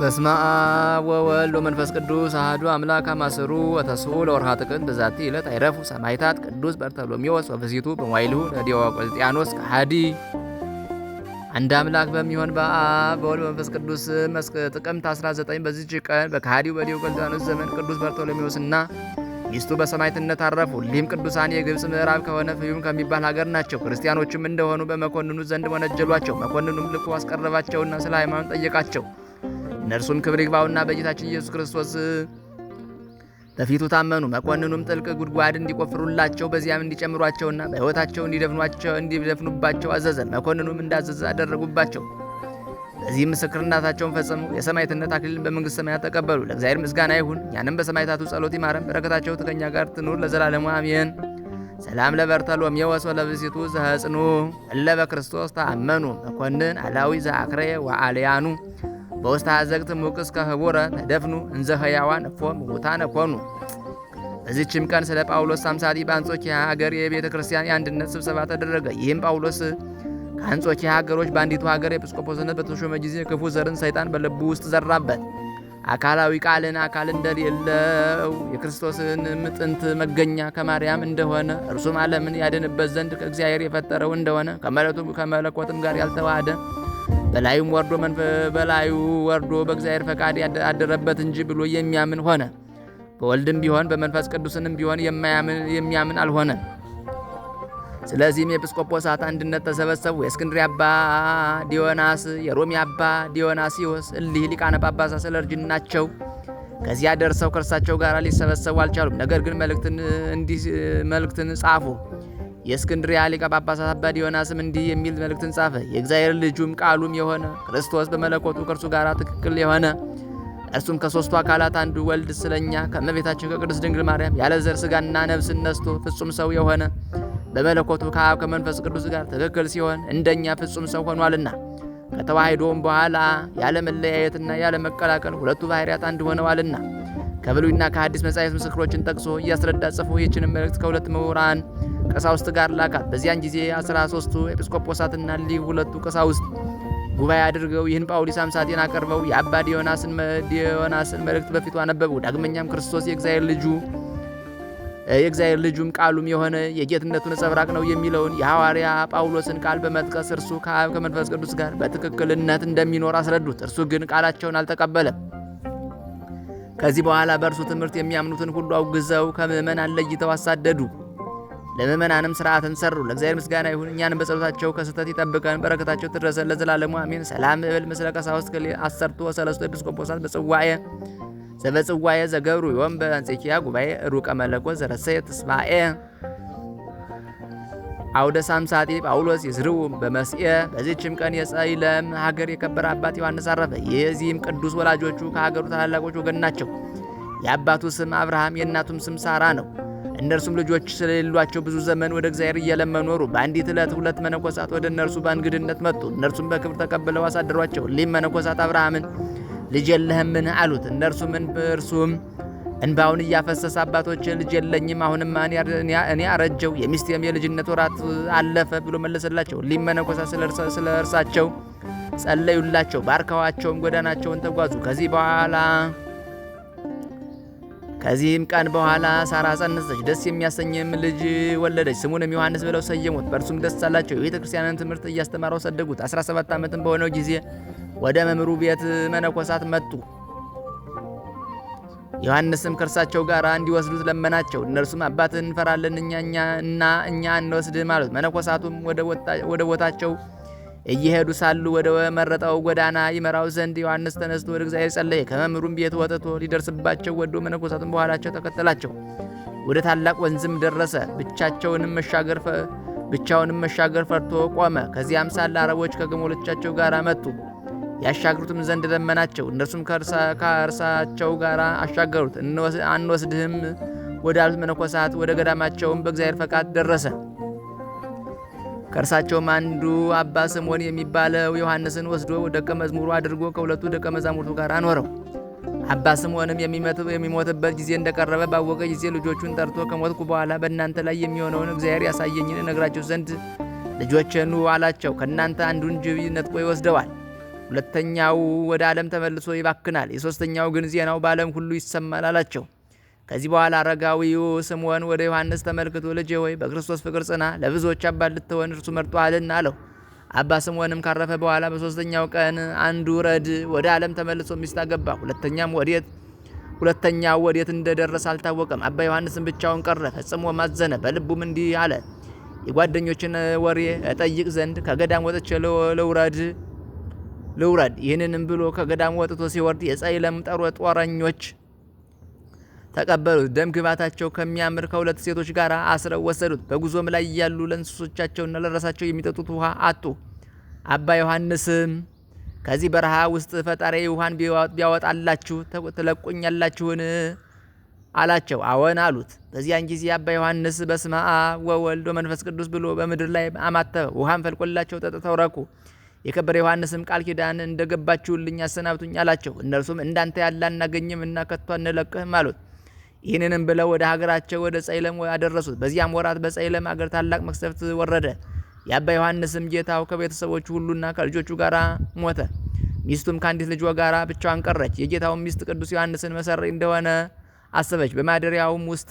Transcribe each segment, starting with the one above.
በስመ አብ ወወልድ ወመንፈስ ቅዱስ አህዱ አምላክ አማሰሩ ወተስሑ ለወርሃ ጥቅምት በዛቲ ዕለት አይረፉ ሰማይታት ቅዱስ በርተሎሜዎስ ወፍሲቱ በዋይልሁ ለዲዮቅልጥያኖስ ከሃዲ። አንድ አምላክ በሚሆን በአብ በወልድ በመንፈስ ቅዱስ መስክ ጥቅምት 19 በዚች ቀን በከሃዲው በዲዮቅልጥያኖስ ዘመን ቅዱስ በርተሎሜዎስና ሚስቱ በሰማዕትነት አረፉ። እሊህም ቅዱሳን የግብፅ ምዕራብ ከሆነ ፍዩም ከሚባል ሀገር ናቸው። ክርስቲያኖቹም እንደሆኑ በመኮንኑ ዘንድ ወነጀሏቸው። መኮንኑም ልኮ አስቀረባቸውና ስለ ሃይማኖት ጠየቃቸው። እነርሱም ክብር ይግባውና በጌታችን ኢየሱስ ክርስቶስ በፊቱ ታመኑ። መኮንኑም ጥልቅ ጉድጓድ እንዲቆፍሩላቸው በዚያም እንዲጨምሯቸውና በሕይወታቸው እንዲደፍኑባቸው አዘዘ። መኮንኑም እንዳዘዘ አደረጉባቸው። በዚህም ምስክርናታቸውን ፈጸሙ። የሰማዕትነት አክሊልን በመንግሥተ ሰማያት ተቀበሉ። ለእግዚአብሔር ምስጋና ይሁን። እኛንም በሰማዕታቱ ጸሎት ይማረን። በረከታቸው ከእኛ ጋር ትኑር ለዘላለሙ አሜን። ሰላም ለበርተሎሜ ወሶ ለብሲቱ ዘህጽኑ እለ በክርስቶስ ተአመኑ መኮንን አላዊ ዘአክሬ ወአልያኑ በውስተ አዘግት ሙቅስ ከህቡረ ተደፍኑ እንዘ ህያዋን እፎ ውታ ነኮኑ። በዚችም ቀን ስለ ጳውሎስ ሳምሳቲ በአንጾኪያ አገር የቤተ ክርስቲያን የአንድነት ስብሰባ ተደረገ። ይህም ጳውሎስ ከአንጾኪያ ሀገሮች በአንዲቱ ሀገር ኤጲስቆጶስነት በተሾመ ጊዜ ክፉ ዘርን ሰይጣን በልቡ ውስጥ ዘራበት። አካላዊ ቃልን አካል እንደሌለው የክርስቶስንም ጥንት መገኛ ከማርያም እንደሆነ እርሱም ዓለምን ያድንበት ዘንድ ከእግዚአብሔር የፈጠረው እንደሆነ ከመለቱ ከመለኮትም ጋር ያልተዋሃደ በላዩም ወርዶ በላዩ ወርዶ በእግዚአብሔር ፈቃድ ያደረበት እንጂ ብሎ የሚያምን ሆነ። በወልድም ቢሆን በመንፈስ ቅዱስንም ቢሆን የሚያምን አልሆነም። ስለዚህም የኤጲስቆጶሳት አንድነት ተሰበሰቡ። የእስክንድሪ አባ ዲዮናስ፣ የሮሚ አባ ዲዮናስዮስ እሊህ ሊቃነ ጳጳሳት ስለ እርጅናቸው ከዚያ ደርሰው ከእርሳቸው ጋር ሊሰበሰቡ አልቻሉም። ነገር ግን መልእክትን ጻፉ። የእስክንድርያ ሊቀ ጳጳሳት አባ ዲዮናስም እንዲህ የሚል መልእክትን ጻፈ። የእግዚአብሔር ልጁም ቃሉም የሆነ ክርስቶስ በመለኮቱ ከእርሱ ጋር ትክክል የሆነ እርሱም ከሦስቱ አካላት አንዱ ወልድ ስለኛ ከእመቤታችን ከቅድስት ድንግል ማርያም ያለ ዘር ሥጋና ነፍስን ነስቶ ፍጹም ሰው የሆነ በመለኮቱ ከአብ ከመንፈስ ቅዱስ ጋር ትክክል ሲሆን እንደኛ ፍጹም ሰው ሆኗልና ከተዋሂዶም በኋላ ያለ መለያየትና ያለ መቀላቀል ሁለቱ ባህርያት አንድ ሆነዋልና ከብሉይና ከአዲስ መጻሕፍት ምስክሮችን ጠቅሶ እያስረዳ ጽፎ ይህችንም መልእክት ከሁለት ምሁራን ቀሳውስት ጋር ላካት። በዚያን ጊዜ አስራ ሶስቱ ኤጲስቆጶሳትና ሊ ሁለቱ ቀሳውስት ጉባኤ አድርገው ይህን ጳውሊስ አምሳጤን አቀርበው የአባ ዲዮናስን መልእክት በፊቱ አነበቡ። ዳግመኛም ክርስቶስ የእግዚአብሔር ልጁ የእግዚአብሔር ልጁም ቃሉም የሆነ የጌትነቱ ነጸብራቅ ነው የሚለውን የሐዋርያ ጳውሎስን ቃል በመጥቀስ እርሱ ከአብ ከመንፈስ ቅዱስ ጋር በትክክልነት እንደሚኖር አስረዱት። እርሱ ግን ቃላቸውን አልተቀበለም። ከዚህ በኋላ በእርሱ ትምህርት የሚያምኑትን ሁሉ አውግዘው ከምዕመናን ለይተው አሳደዱ። ለምዕመናንም ስርዓትን ሰሩ። ለእግዚአብሔር ምስጋና ይሁን። እኛንም በጸሎታቸው ከስህተት ይጠብቀን፣ በረከታቸው ትድረሰን ለዘላለሙ አሜን። ሰላም እብል ምስለ ቀሳውስት አሰርቶ ሰለስቶ ኤጲስቆጶሳት በጽዋኤ ዘበጽዋየ ዘገብሩ ዮም በአንጾኪያ ጉባኤ ሩቀ መለኮት ዘረሰየ ተስፋኤ አውደ ሳምሳጢ ጳውሎስ ይስርው በመስኤ። በዚህችም ቀን የጸይለም ሀገር የከበረ አባት ዮሐንስ አረፈ። የዚህም ቅዱስ ወላጆቹ ከሀገሩ ታላላቆች ወገን ናቸው። የአባቱ ስም አብርሃም የእናቱም ስም ሳራ ነው። እነርሱም ልጆች ስለሌሏቸው ብዙ ዘመን ወደ እግዚአብሔር እየለመኑ ኖሩ። በአንዲት ዕለት ሁለት መነኮሳት ወደ እነርሱ በእንግድነት መጡ። እነርሱም በክብር ተቀብለው አሳደሯቸው። እሊህም መነኮሳት አብርሃምን ልጅ የለህምን? አሉት። እነርሱም እርሱም እንባውን እያፈሰሰ አባቶችን ልጅ የለኝም፣ አሁንም እኔ አረጀው፣ የሚስቴም የልጅነት ወራት አለፈ ብሎ መለሰላቸው። ሊመነኮሳ ስለ እርሳቸው ጸለዩላቸው፣ ባርከዋቸውም ጎዳናቸውን ተጓዙ። ከዚህ በኋላ ከዚህም ቀን በኋላ ሳራ ጸነሰች፣ ደስ የሚያሰኝም ልጅ ወለደች። ስሙንም ዮሐንስ ብለው ሰየሙት። በእርሱም ደስ አላቸው። የቤተ ክርስቲያንን ትምህርት እያስተማረው ሰደጉት። 17 ዓመትም በሆነው ጊዜ ወደ መምሩ ቤት መነኮሳት መጡ። ዮሐንስም ከእርሳቸው ጋር እንዲወስዱት ለመናቸው። እነርሱም አባትህን እንፈራለን እና እኛ እንወስድህ አሉት። መነኮሳቱም ወደ ቦታቸው እየሄዱ ሳሉ ወደ መረጠው ጎዳና ይመራው ዘንድ ዮሐንስ ተነስቶ ወደ እግዚአብሔር ጸለየ። ከመምሩም ቤት ወጥቶ ሊደርስባቸው ወዶ መነኮሳቱም በኋላቸው ተከተላቸው። ወደ ታላቅ ወንዝም ደረሰ። ብቻቸውንም መሻገር ብቻውንም መሻገር ፈርቶ ቆመ። ከዚያም ሳለ አረቦች ከገሞሎቻቸው ጋር መጡ። ያሻግሩትም ዘንድ ለመናቸው። እነርሱም ከእርሳቸው ጋር አሻገሩት። አንወስድህም ወዳሉት መነኮሳት ወደ ገዳማቸውም በእግዚአብሔር ፈቃድ ደረሰ። ከእርሳቸውም አንዱ አባ ስምዖን የሚባለው ዮሐንስን ወስዶ ደቀ መዝሙሩ አድርጎ ከሁለቱ ደቀ መዛሙርቱ ጋር አኖረው። አባ ስምዖንም የሚሞትበት ጊዜ እንደቀረበ ባወቀ ጊዜ ልጆቹን ጠርቶ ከሞትኩ በኋላ በእናንተ ላይ የሚሆነውን እግዚአብሔር ያሳየኝን እነግራቸው ዘንድ ልጆቼ ኑ አላቸው። ከእናንተ አንዱን ጅብ ነጥቆ ይወስደዋል ሁለተኛው ወደ ዓለም ተመልሶ ይባክናል፣ የሦስተኛው ግን ዜናው በዓለም ሁሉ ይሰማል አላቸው። ከዚህ በኋላ አረጋዊው ስምዖን ወደ ዮሐንስ ተመልክቶ ልጄ ሆይ በክርስቶስ ፍቅር ጽና፣ ለብዙዎች አባት ልትሆን እርሱ መርጦሃልና አለው። አባ ስምዖንም ካረፈ በኋላ በሦስተኛው ቀን አንዱ ረድ ወደ ዓለም ተመልሶ ሚስት አገባ። ሁለተኛም ወዴት ሁለተኛው ወዴት እንደደረሰ አልታወቀም። አባ ዮሐንስን ብቻውን ቀረ፣ ፈጽሞ ማዘነ። በልቡም እንዲህ አለ፣ የጓደኞችን ወሬ እጠይቅ ዘንድ ከገዳም ወጥቼ ልውረድ ልውረድ። ይህንንም ብሎ ከገዳሙ ወጥቶ ሲወርድ የፀይ ለምጠሩ ጦረኞች ተቀበሉት። ደም ግባታቸው ከሚያምር ከሁለት ሴቶች ጋር አስረው ወሰዱት። በጉዞም ላይ ያሉ ለእንስሶቻቸውና ለራሳቸው የሚጠጡት ውሃ አጡ። አባ ዮሐንስም ከዚህ በረሃ ውስጥ ፈጣሪ ውሃን ቢያወጣላችሁ ትለቁኛላችሁን? አላቸው። አዎን አሉት። በዚያን ጊዜ አባ ዮሐንስ በስመ አብ ወወልድ ወመንፈስ ቅዱስ ብሎ በምድር ላይ አማተበ። ውሃን ፈልቆላቸው ጠጥተው ረኩ። የከበረ ዮሐንስም ቃል ኪዳን እንደገባችሁልኝ አሰናብቱኝ አላቸው። እነርሱም እንዳንተ ያለ አናገኝም እና ከቶ አንለቅህም አሉት። ይህንንም ብለው ወደ ሀገራቸው ወደ ጸይለም አደረሱት። በዚያም ወራት በጸይለም ሀገር ታላቅ መቅሰፍት ወረደ። የአባ ዮሐንስም ጌታው ከቤተሰቦቹ ሁሉና ከልጆቹ ጋር ሞተ። ሚስቱም ከአንዲት ልጇ ጋር ብቻዋን ቀረች። የጌታውን ሚስት ቅዱስ ዮሐንስን መሰሪ እንደሆነ አሰበች። በማደሪያውም ውስጥ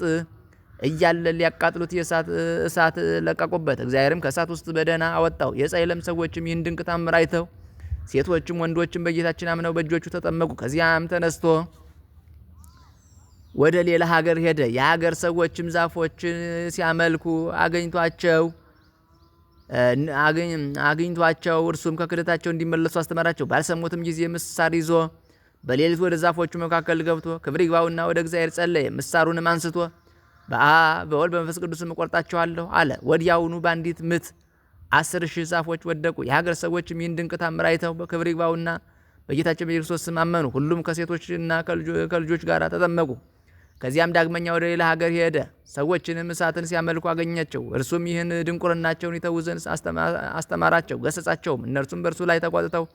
እያለ ሊያቃጥሉት የእሳት እሳት ለቀቁበት። እግዚአብሔርም ከእሳት ውስጥ በደህና አወጣው። የጻይለም ሰዎችም ይህን ድንቅ ታምር አይተው ሴቶችም ወንዶችም በጌታችን አምነው በእጆቹ ተጠመቁ። ከዚያም ተነስቶ ወደ ሌላ ሀገር ሄደ። የሀገር ሰዎችም ዛፎችን ሲያመልኩ አገኝቷቸው አግኝቷቸው እርሱም ከክደታቸው እንዲመለሱ አስተማራቸው። ባልሰሙትም ጊዜ ምሳር ይዞ በሌሊት ወደ ዛፎቹ መካከል ገብቶ ክብር ይግባውና ወደ እግዚአብሔር ጸለየ። ምሳሩንም አንስቶ በአብ በወልድ በመንፈስ ቅዱስም እቆርጣቸዋለሁ አለ። ወዲያውኑ በአንዲት ምት አስር ሺህ ዛፎች ወደቁ። የሀገር ሰዎችም ይህን ድንቅ ታምር አይተው በክብር ይግባውና በጌታችን በኢየሱስ ስም አመኑ። ሁሉም ከሴቶችና ከልጆች ጋር ተጠመቁ። ከዚያም ዳግመኛ ወደ ሌላ ሀገር ሄደ። ሰዎችንም እሳትን ሲያመልኩ አገኛቸው። እርሱም ይህን ድንቁርናቸውን ይተው ዘንድ አስተማራቸው፣ ገሰጻቸውም። እነርሱም በእርሱ ላይ ተቆጥተው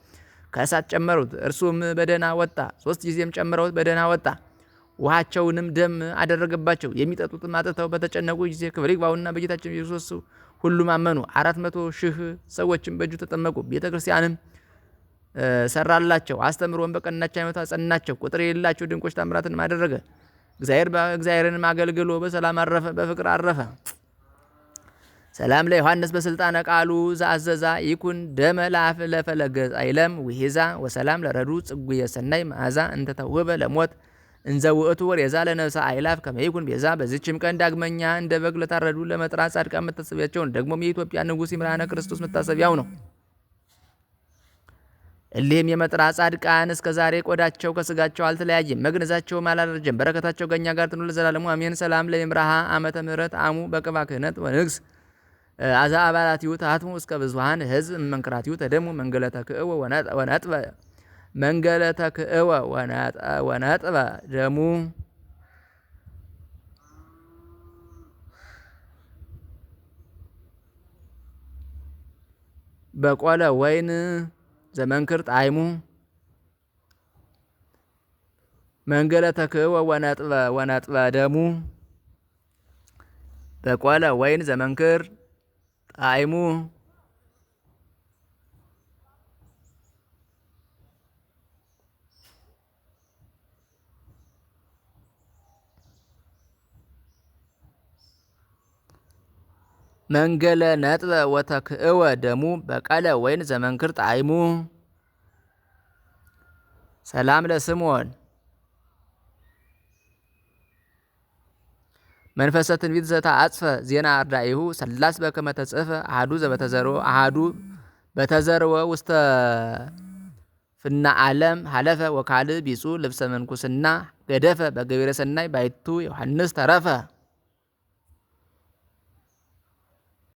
ከእሳት ጨመሩት። እርሱም በደህና ወጣ። ሶስት ጊዜም ጨምረውት በደህና ወጣ። ውሃቸውንም ደም አደረገባቸው። የሚጠጡትም አጥተው በተጨነቁ ጊዜ ክብር ይግባውና በጌታችን ኢየሱስ ሁሉም አመኑ። አራት መቶ ሺህ ሰዎችም በእጁ ተጠመቁ። ቤተ ክርስቲያንም ሰራላቸው። አስተምሮን በቀናች ሃይማኖት አጸናቸው። ቁጥር የሌላቸው ድንቆች ታምራትንም አደረገ። እግዚአብሔርንም አገልግሎ በሰላም አረፈ፣ በፍቅር አረፈ። ሰላም ለዮሐንስ በስልጣነ ቃሉ ዘአዘዛ ይኩን ደመ ለአፍ ለፈለገ አይለም ውሄዛ ወሰላም ለረዱ ጽጉ የሰናይ መዓዛ እንተተውበ ለሞት እንዘ ውእቱ ወሬዛ ለነብሰ አይላፍ ከመይኩን ቤዛ። በዚችም ቀን ዳግመኛ እንደ በግ ለታረዱ ለመጥራ ጻድቃን መታሰቢያቸው ነው። ደግሞም የኢትዮጵያ ንጉሥ ይምርሃነ ክርስቶስ መታሰቢያው ነው። እሊህም የመጥራ ጻድቃን እስከ ዛሬ ቆዳቸው ከስጋቸው አልተለያየም፣ መግነዛቸውም አላረጀም። በረከታቸው ከእኛ ጋር ትኑር ለዘላለሙ አሜን። ሰላም ለይምርሃ አመተ ምሕረት አሙ በቅባ ክህነት ወንግስ አዛ አባላትዩ ታትሙ እስከ ብዙሃን ህዝብ መንክራትዩ ተደሙ መንገለተክእወ ወነጥበ መንገለ ተክእወ ወነጥበ ደሙ በቆለ ወይን ዘመንክር ጣይሙ መንገለ ተክእወ ወነጥበ ወነጥበ ደሙ በቆለ ወይን ዘመንክር ጣይሙ። መንገለ ነጥበ ወተክእወ ደሙ በቀለ ወይን ዘመንክር ጣይሙ ሰላም ለስምዖን መንፈሰ ትንቢት ዘታ አጽፈ ዜና አርዳኢሁ ሰላስ በከመ ተጽሕፈ አሐዱ ዘበተዘርወ አሐዱ በተዘርወ ውስተ ፍና ዓለም ሀለፈ ወካል ቢጹ ልብሰ መንኩስና ገደፈ በገቢረ ሰናይ ባይቱ ዮሐንስ ተረፈ